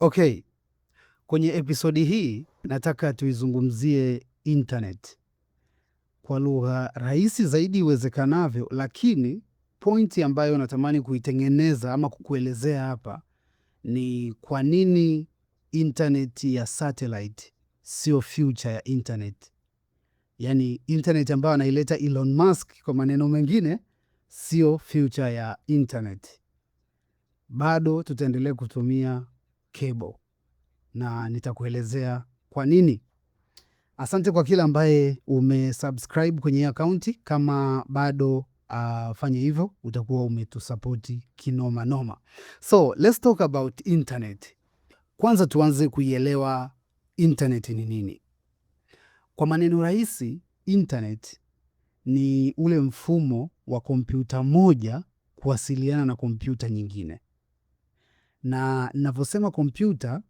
Okay, kwenye episodi hii nataka tuizungumzie internet kwa lugha rahisi zaidi iwezekanavyo, lakini pointi ambayo natamani kuitengeneza ama kukuelezea hapa ni kwa nini internet ya satellite sio future ya internet, yaani internet ambayo anaileta Elon Musk, kwa maneno mengine sio future ya internet. Bado tutaendelea kutumia cable na nitakuelezea kwa nini. Asante kwa kila ambaye umesubscribe kwenye akaunti. Kama bado uh, hivyo, utakuwa umetusapoti kinoma noma. So let's talk about internet. Kwanza tuanze kuielewa internet ni nini. Kwa maneno rahisi, internet ni ule mfumo wa kompyuta moja kuwasiliana na kompyuta nyingine na ninavyosema kompyuta,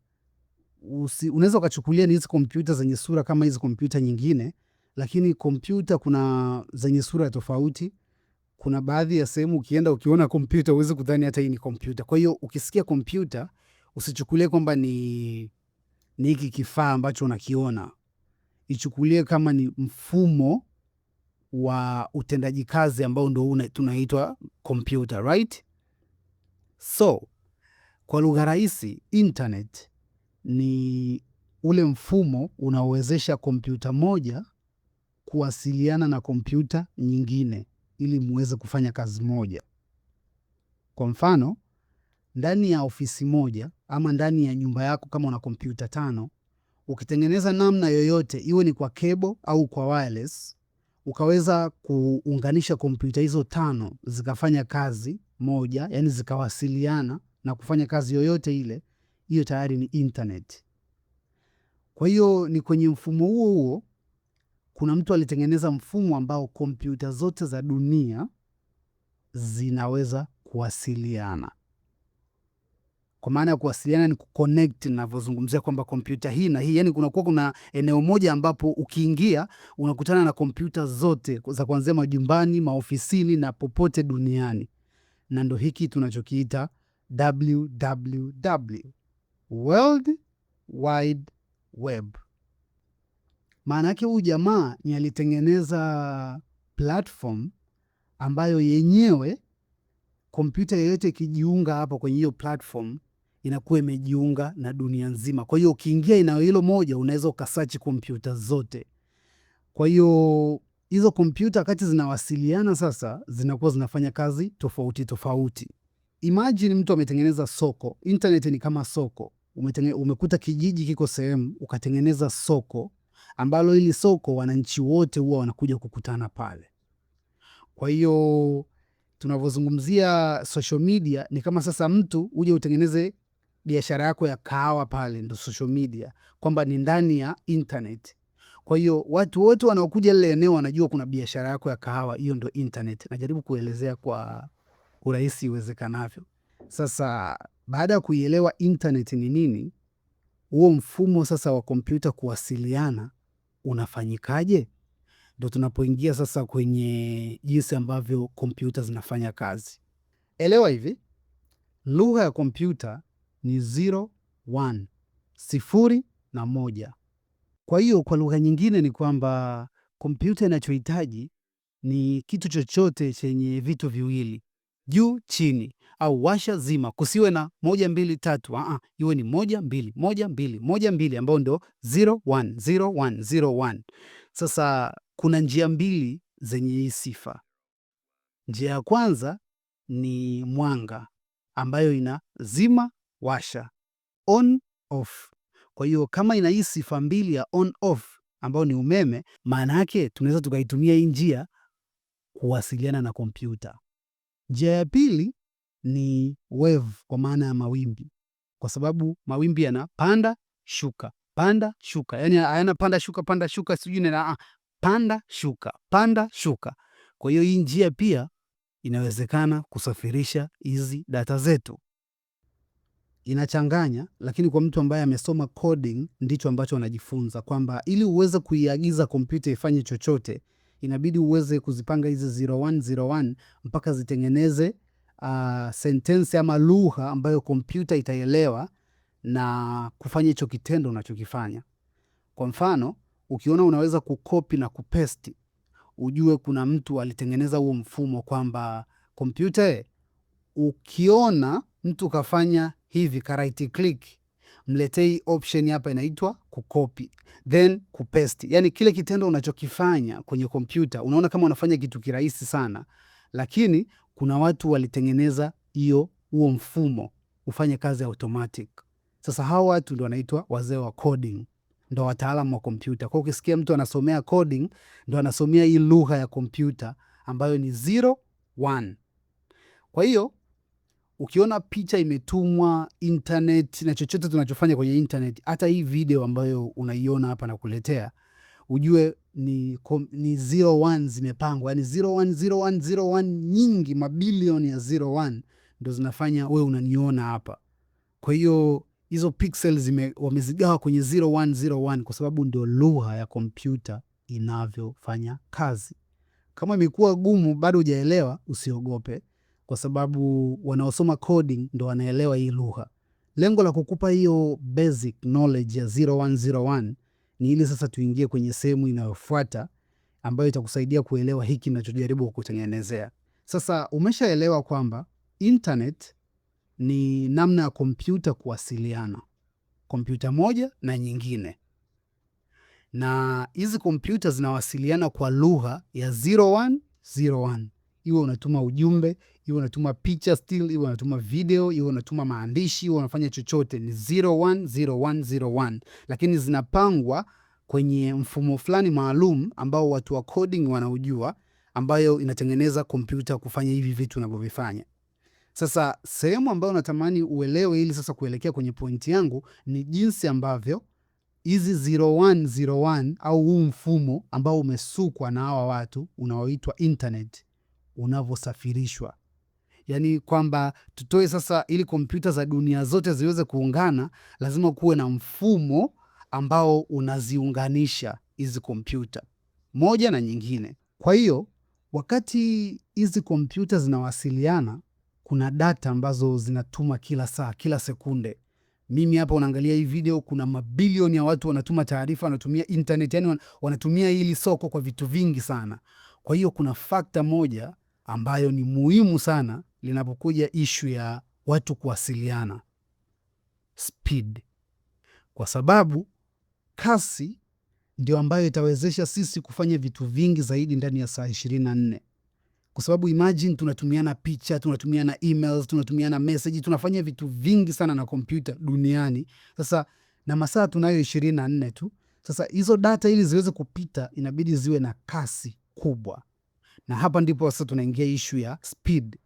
unaweza ukachukulia ni hizi kompyuta zenye sura kama hizi kompyuta nyingine, lakini kompyuta kuna zenye sura tofauti. Kuna baadhi ya sehemu ukienda ukiona kompyuta uwezi kudhani hata hii ni kompyuta. Kwa hiyo ukisikia kompyuta usichukulie kwamba ni ni hiki kifaa ambacho unakiona, ichukulie kama ni mfumo wa utendaji kazi ambao ndo tunaitwa kompyuta right. So kwa lugha rahisi, internet ni ule mfumo unaowezesha kompyuta moja kuwasiliana na kompyuta nyingine ili muweze kufanya kazi moja. Kwa mfano, ndani ya ofisi moja ama ndani ya nyumba yako kama una kompyuta tano, ukitengeneza namna yoyote iwe ni kwa kebo au kwa wireless, ukaweza kuunganisha kompyuta hizo tano zikafanya kazi moja, yaani zikawasiliana na kufanya kazi yoyote ile, hiyo tayari ni internet. Kwa hiyo ni kwenye mfumo huo huo kuna mtu alitengeneza mfumo ambao kompyuta zote za dunia zinaweza kuwasiliana. Kwa maana ya kuwasiliana ni kuconnect, ninavyozungumzia kwamba kompyuta hii na hii, yani kunakuwa kuna eneo moja ambapo ukiingia unakutana na kompyuta zote za kuanzia majumbani, maofisini na popote duniani, na ndo hiki tunachokiita www, World Wide Web. Maana yake huyu jamaa ni alitengeneza platform ambayo yenyewe kompyuta yoyote ikijiunga hapo kwenye hiyo platform inakuwa imejiunga na dunia nzima. Kwa hiyo ukiingia eneo hilo moja, unaweza ukasachi kompyuta zote. Kwa hiyo hizo kompyuta wakati zinawasiliana sasa, zinakuwa zinafanya kazi tofauti tofauti. Imagine mtu ametengeneza soko. Internet ni kama soko. Umetenge, umekuta kijiji kiko sehemu ukatengeneza soko ambalo hili soko wananchi wote huwa wanakuja kukutana pale. Kwa hiyo tunavyozungumzia social media ni kama sasa mtu uje utengeneze biashara yako ya kahawa pale, ndo social media, kwamba ni ndani ya internet. Kwa hiyo watu wote wanaokuja lile eneo wanajua kuna biashara yako ya kahawa, hiyo ndo internet. Najaribu kuelezea kwa urahisi iwezekanavyo. Sasa baada ya kuielewa internet ni nini, huo mfumo sasa wa kompyuta kuwasiliana unafanyikaje, ndo tunapoingia sasa kwenye jinsi ambavyo kompyuta zinafanya kazi. Elewa hivi, lugha ya kompyuta ni zero one, sifuri na moja. Kwa hiyo kwa lugha nyingine ni kwamba kompyuta inachohitaji ni kitu chochote chenye vitu viwili, juu chini, au washa zima. Kusiwe na moja mbili tatu, a, ah, ah, iwe ni moja mbili moja mbili moja mbili, ambayo ndo 010101. Sasa kuna njia mbili zenye hii sifa. Njia ya kwanza ni mwanga ambayo ina zima washa, on off. Kwa hiyo kama ina hii sifa mbili ya on off ambayo ni umeme, maana yake tunaweza tukaitumia hii njia kuwasiliana na kompyuta. Njia ya pili ni wave kwa maana ya mawimbi, kwa sababu mawimbi yanapanda shuka, panda shuka, yaani hayana panda shuka, panda shuka sijui nina ah, panda shuka, panda shuka. Kwa hiyo hii njia pia inawezekana kusafirisha hizi data zetu. Inachanganya, lakini kwa mtu ambaye amesoma coding ndicho ambacho anajifunza kwamba ili uweze kuiagiza kompyuta ifanye chochote inabidi uweze kuzipanga hizi 0101 mpaka zitengeneze uh, sentensi ama lugha ambayo kompyuta itaelewa na kufanya hicho kitendo unachokifanya. Kwa mfano, ukiona unaweza kukopi na kupesti, ujue kuna mtu alitengeneza huo mfumo kwamba kompyuta, ukiona mtu kafanya hivi ka right click mletei option hapa inaitwa kukopi then kupaste. Yani kile kitendo unachokifanya kwenye kompyuta, unaona kama unafanya kitu kirahisi sana, lakini kuna watu walitengeneza hiyo huo mfumo ufanye kazi automatic. Sasa hawa watu ndo wanaitwa wazee wa coding, ndo wataalamu wa kompyuta. Kwa ukisikia mtu anasomea coding, ndo anasomea hii lugha ya kompyuta ambayo ni zero one. Kwa hiyo ukiona picha imetumwa internet na chochote tunachofanya kwenye internet, hata hii video ambayo unaiona hapa na kuletea, ujue ni, ni zero one zimepangwa, yani zero one, zero one, zero one nyingi, mabilioni ya zero one ndo zinafanya we unaniona hapa. Kwa hiyo hizo pixel wamezigawa kwenye zero one, zero one kwa sababu ndio lugha ya kompyuta inavyofanya kazi. Kama imekuwa gumu bado hujaelewa, usiogope kwa sababu wanaosoma coding ndo wanaelewa hii lugha. Lengo la kukupa hiyo basic knowledge ya 0101 ni ili sasa tuingie kwenye sehemu inayofuata ambayo itakusaidia kuelewa hiki ninachojaribu kukutengenezea. Sasa umeshaelewa kwamba internet ni namna ya kompyuta kuwasiliana, kompyuta moja na nyingine, na hizi kompyuta zinawasiliana kwa lugha ya 0101 iwe unatuma ujumbe, iwe unatuma picha still, iwe unatuma video, iwe unatuma maandishi, iwe unafanya chochote, ni 010101 lakini zinapangwa kwenye mfumo fulani maalum ambao watu wa coding wanaujua, ambayo inatengeneza kompyuta kufanya hivi vitu unavyovifanya. Sasa sehemu ambayo natamani uelewe ili sasa kuelekea kwenye pointi yangu ni jinsi ambavyo hizi 0101 au huu mfumo ambao umesukwa na hawa watu unaoitwa internet unavyosafirishwa yani kwamba tutoe sasa, ili kompyuta za dunia zote ziweze kuungana, lazima kuwe na mfumo ambao unaziunganisha hizi kompyuta moja na nyingine. Kwa hiyo wakati hizi kompyuta zinawasiliana, kuna data ambazo zinatuma kila saa, kila sekunde. Mimi hapa unaangalia hii video, kuna mabilioni ya watu wanatuma taarifa, wanatumia internet, yani wanatumia hili soko kwa vitu vingi sana. Kwa hiyo kuna fakta moja ambayo ni muhimu sana linapokuja ishu ya watu kuwasiliana speed, kwa sababu kasi ndio ambayo itawezesha sisi kufanya vitu vingi zaidi ndani ya saa ishirini na nne kwa sababu imagine tunatumiana picha, tunatumiana emails, tunatumiana message, tunafanya vitu vingi sana na kompyuta duniani sasa, na masaa tunayo ishirini na nne tu. Sasa hizo data ili ziweze kupita inabidi ziwe na kasi kubwa, na hapa ndipo sasa tunaingia ishu ya speed.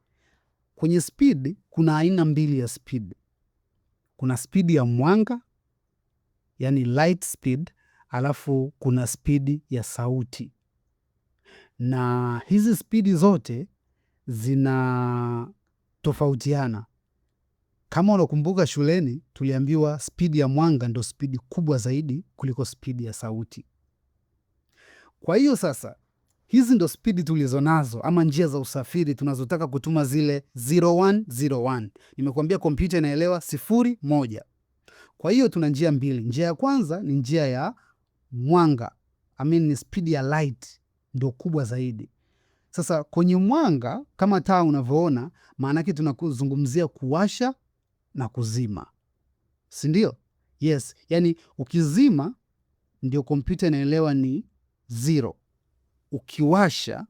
Kwenye speed kuna aina mbili ya speed. Kuna speed ya mwanga, yani light speed, alafu kuna speed ya sauti, na hizi spidi zote zina tofautiana. Kama unakumbuka shuleni, tuliambiwa spidi ya mwanga ndo spidi kubwa zaidi kuliko spidi ya sauti. Kwa hiyo sasa hizi ndo spidi tulizo nazo ama njia za usafiri tunazotaka kutuma zile 0101. Nimekuambia kompyuta inaelewa sifuri moja. Kwa hiyo tuna njia mbili. Njia ya kwanza ni njia ya mwanga, I mean ni spidi ya light ndo kubwa zaidi. Sasa kwenye mwanga kama taa unavyoona, maanake tunakuzungumzia kuwasha na kuzima, si ndio? Yes, yani ukizima ndio kompyuta inaelewa ni zero ukiwasha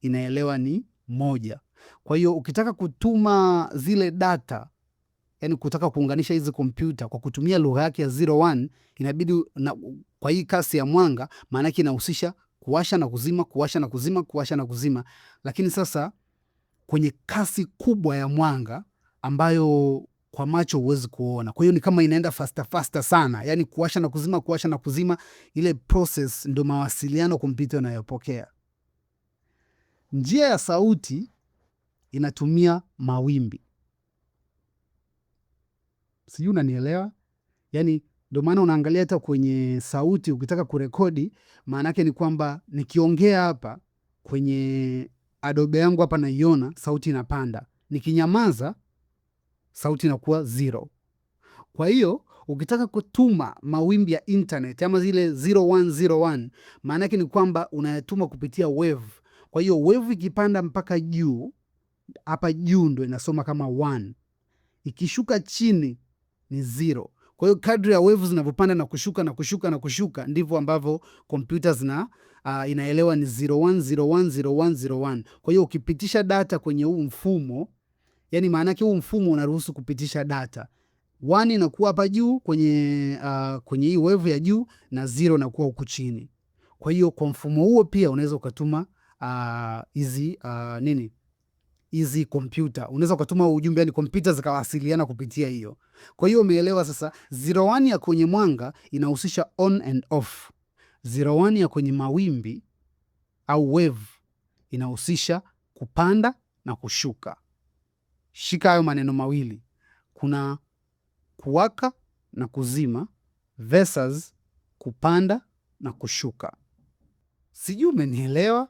inaelewa ni moja. Kwa hiyo ukitaka kutuma zile data, yani kutaka kuunganisha hizi kompyuta kwa kutumia lugha yake ya 01 inabidi na, kwa hii kasi ya mwanga maana yake inahusisha kuwasha na kuzima, kuwasha na kuzima, kuwasha na kuzima. Lakini sasa kwenye kasi kubwa ya mwanga ambayo kwa macho huwezi kuona. Kwa hiyo ni kama inaenda fasta fasta sana, yani kuwasha na kuzima, kuwasha na kuzima. Ile process ndo mawasiliano kompyuta inayopokea. Njia ya sauti inatumia mawimbi, sijui unanielewa? Yani ndo maana unaangalia hata kwenye sauti ukitaka kurekodi, maana yake ni kwamba nikiongea hapa kwenye Adobe yangu hapa, naiona sauti inapanda, nikinyamaza sauti inakuwa zero. Kwa hiyo ukitaka kutuma mawimbi ya internet ama zile 0101 maana yake ni kwamba unayatuma kupitia wave. Kwa hiyo wave ikipanda mpaka juu, hapa juu ndo inasoma kama 1, ikishuka chini ni zero. Kwa hiyo kadri ya wave zinavyopanda na kushuka na kushuka na kushuka ndivyo ambavyo kompyuta zina uh, inaelewa ni 01010101. Kwa hiyo ukipitisha data kwenye huu mfumo yani maanake huu mfumo unaruhusu kupitisha data one inakuwa hapa juu kwenye uh, kwenye hii wevu ya juu na zero inakuwa huku chini. Kwa hiyo kwa mfumo huo pia unaweza ukatuma uh, hizi uh, uh, nini hizi kompyuta unaweza ukatuma ujumbe, yani kompyuta zikawasiliana kupitia hiyo. Kwa hiyo umeelewa sasa. Zero one ya kwenye mwanga inahusisha on and off. Zero one ya kwenye mawimbi au wevu inahusisha kupanda na kushuka shika hayo maneno mawili, kuna kuwaka na kuzima versus kupanda na kushuka. Sijui umenielewa.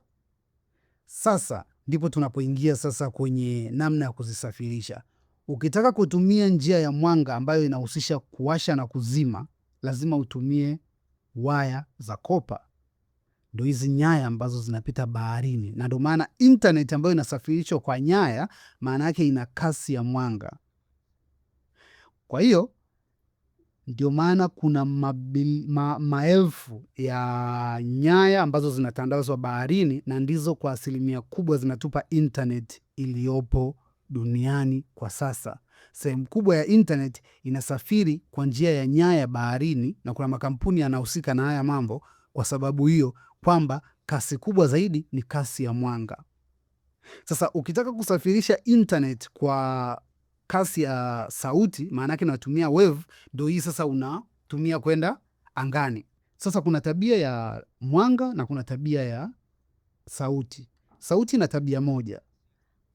Sasa ndipo tunapoingia sasa kwenye namna ya kuzisafirisha. Ukitaka kutumia njia ya mwanga ambayo inahusisha kuwasha na kuzima, lazima utumie waya za kopa ndo hizi nyaya ambazo zinapita baharini, na ndo maana intaneti ambayo inasafirishwa kwa nyaya, maana yake ina kasi ya mwanga. Kwa hiyo ndio maana kuna mabil, ma, maelfu ya nyaya ambazo zinatandazwa baharini na ndizo kwa asilimia kubwa zinatupa intaneti iliyopo duniani kwa sasa. Sehemu kubwa ya intaneti inasafiri kwa njia ya nyaya baharini, na kuna makampuni yanahusika na haya mambo. Kwa sababu hiyo kwamba kasi kubwa zaidi ni kasi ya mwanga. Sasa ukitaka kusafirisha internet kwa kasi ya sauti, maana yake natumia wave, ndo hii sasa unatumia kwenda angani. Sasa kuna tabia ya mwanga na kuna tabia ya sauti. Sauti ina tabia moja,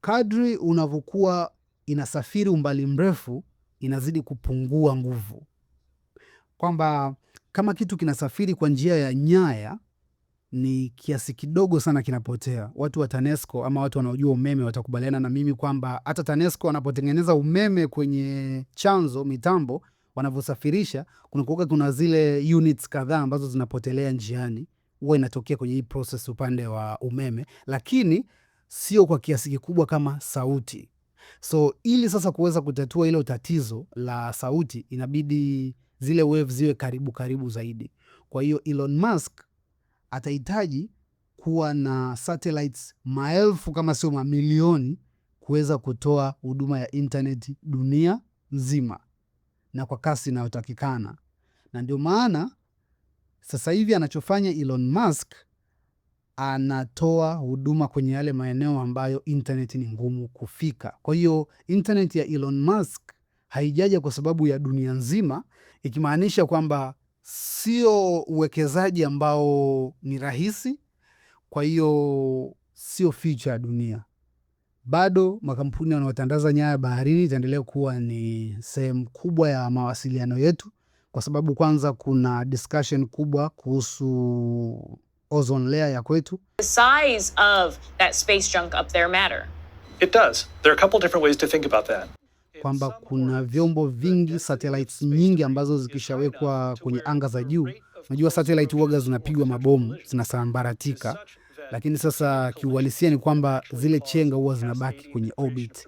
kadri unavyokuwa inasafiri umbali mrefu inazidi kupungua nguvu, kwamba kama kitu kinasafiri kwa njia ya nyaya ni kiasi kidogo sana kinapotea. Watu wa TANESCO ama watu wanaojua umeme watakubaliana na mimi kwamba hata TANESCO wanapotengeneza umeme kwenye chanzo, mitambo wanavyosafirisha, kunakuwa kuna zile units kadhaa ambazo zinapotelea njiani. Huwa inatokea kwenye hii process upande wa umeme, lakini sio kwa kiasi kikubwa kama sauti. So ili sasa kuweza kutatua ilo tatizo la sauti, inabidi zile wave ziwe karibu karibu zaidi. Kwa hiyo Elon Musk atahitaji kuwa na satellites maelfu kama sio mamilioni kuweza kutoa huduma ya intaneti dunia nzima na kwa kasi inayotakikana. Na ndio maana sasa hivi anachofanya Elon Musk anatoa huduma kwenye yale maeneo ambayo intaneti ni ngumu kufika. Kwa hiyo intaneti ya Elon Musk haijaja kwa sababu ya dunia nzima, ikimaanisha kwamba sio uwekezaji ambao ni rahisi, kwa hiyo sio future ya dunia. Bado makampuni yanayotandaza nyaya baharini itaendelea kuwa ni sehemu kubwa ya mawasiliano yetu, kwa sababu kwanza kuna discussion kubwa kuhusu ozone layer ya kwetu. The size of that space junk up there matter. It does. There are a couple different ways to think about that kwamba kuna vyombo vingi satellites nyingi ambazo zikishawekwa kwenye anga za juu, unajua satellite uoga zinapigwa mabomu zinasambaratika, lakini sasa kiuhalisia ni kwamba zile chenga huwa zinabaki kwenye orbit,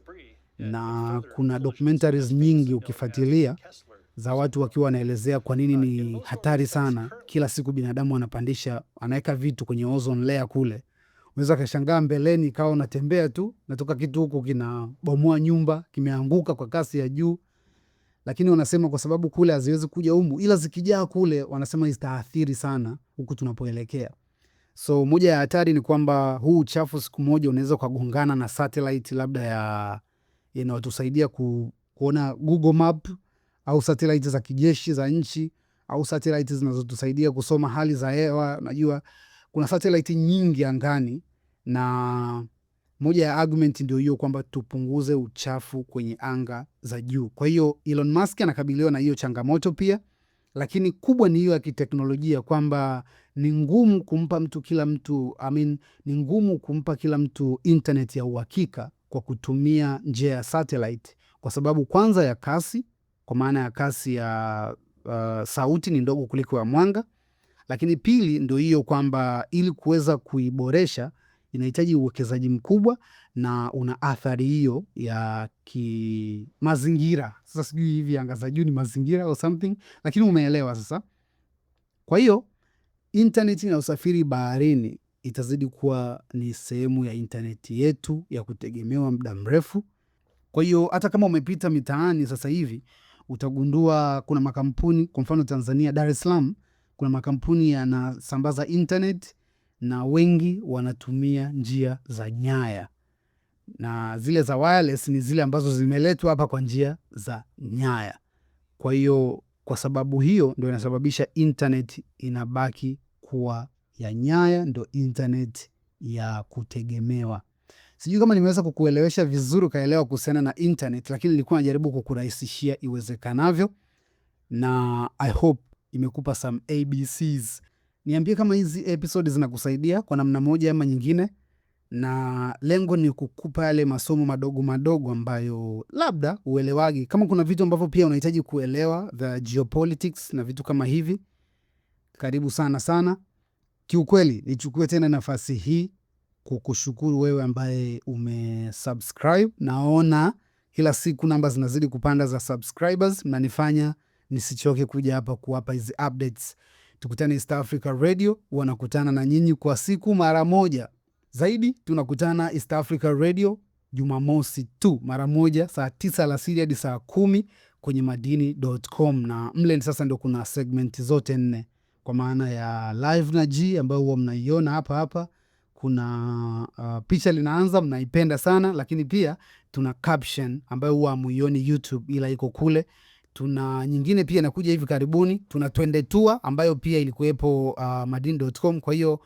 na kuna documentaries nyingi ukifuatilia za watu wakiwa wanaelezea kwa nini ni hatari sana. Kila siku binadamu anapandisha, anaweka vitu kwenye ozone layer kule Unaweza kashangaa mbeleni ikawa unatembea tu natoka kitu huku kinabomoa nyumba, kimeanguka kwa kasi ya juu, lakini wanasema kwa sababu kule haziwezi kuja humu, ila zikijaa kule wanasema zitaathiri sana huku tunapoelekea. So moja ya hatari ni kwamba huu uchafu siku moja unaweza ukagongana na satellite labda ya inayotusaidia ku, kuona Google Map au satellite za kijeshi za nchi au satellite zinazotusaidia kusoma hali za hewa. Najua kuna satellite nyingi angani na moja ya argument ndio hiyo kwamba tupunguze uchafu kwenye anga za juu. Kwa hiyo Elon Musk anakabiliwa na hiyo changamoto pia, lakini kubwa ni hiyo ya kiteknolojia kwamba ni ngumu kumpa mtu kila mtu I mean, ni ngumu kumpa kila mtu internet ya uhakika kwa kutumia njia ya satellite, kwa sababu kwanza ya kasi, kwa maana ya kasi ya uh, sauti ni ndogo kuliko ya mwanga, lakini pili ndio hiyo kwamba ili kuweza kuiboresha inahitaji uwekezaji mkubwa na una athari hiyo ya kimazingira. Sasa sijui hivi anga za juu ni mazingira o something, lakini umeelewa sasa. Kwa hiyo intaneti na usafiri baharini itazidi kuwa ni sehemu ya intaneti yetu ya kutegemewa muda mrefu. Kwa hiyo hata kama umepita mitaani sasa hivi utagundua kuna makampuni, kwa mfano Tanzania, Dar es Salaam, kuna makampuni yanasambaza intaneti na wengi wanatumia njia za nyaya, na zile za wireless ni zile ambazo zimeletwa hapa kwa njia za nyaya. Kwa hiyo kwa sababu hiyo ndo inasababisha internet inabaki kuwa ya nyaya, ndo internet ya kutegemewa. Sijui kama nimeweza kukuelewesha vizuri ukaelewa kuhusiana na internet, lakini nilikuwa najaribu kukurahisishia iwezekanavyo, na I hope imekupa some abcs Niambie kama hizi episodi zinakusaidia kwa namna moja ama nyingine, na lengo ni kukupa yale masomo madogo madogo ambayo labda uelewagi. Kama kuna vitu ambavyo pia unahitaji kuelewa the geopolitics na vitu kama hivi, karibu sana sana. Kiukweli nichukue tena nafasi hii kukushukuru wewe ambaye umesubscribe. Naona kila siku namba zinazidi kupanda za subscribers, mnanifanya nisichoke kuja hapa kuwapa hizi updates. Tukutane East Africa Radio, wanakutana na nyinyi kwa siku mara moja zaidi. Tunakutana East Africa Radio Jumamosi tu mara moja, saa tisa alasiri hadi saa kumi kwenye madini.com, na mle sasa ndio kuna segment zote nne kwa maana ya live na G ambayo huwa mnaiona hapa hapa. Kuna uh, picha linaanza mnaipenda sana, lakini pia tuna caption ambayo huwa hamuioni YouTube ila iko kule tuna nyingine pia inakuja hivi karibuni, tuna twende tua ambayo pia ilikuwepo uh, madini.com. Kwa hiyo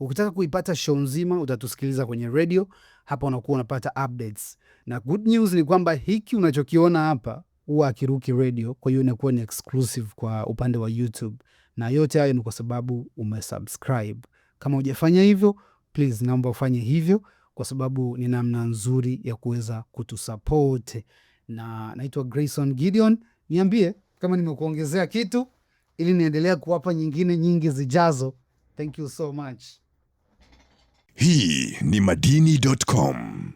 ukitaka kuipata show nzima utatusikiliza kwenye redio hapa, unakuwa unapata updates, na good news ni kwamba hiki unachokiona hapa huwa akiruki redio, kwa hiyo inakuwa ni exclusive kwa upande wa YouTube, na yote hayo ni kwa sababu umesubscribe. Kama hujafanya hivyo, please naomba ufanye hivyo, kwa sababu ni namna nzuri ya kuweza kutusupport. Na naitwa Grayson Gideon niambie kama nimekuongezea kitu ili niendelea kuwapa nyingine nyingi zijazo. Thank you so much. Hii ni Madini.com.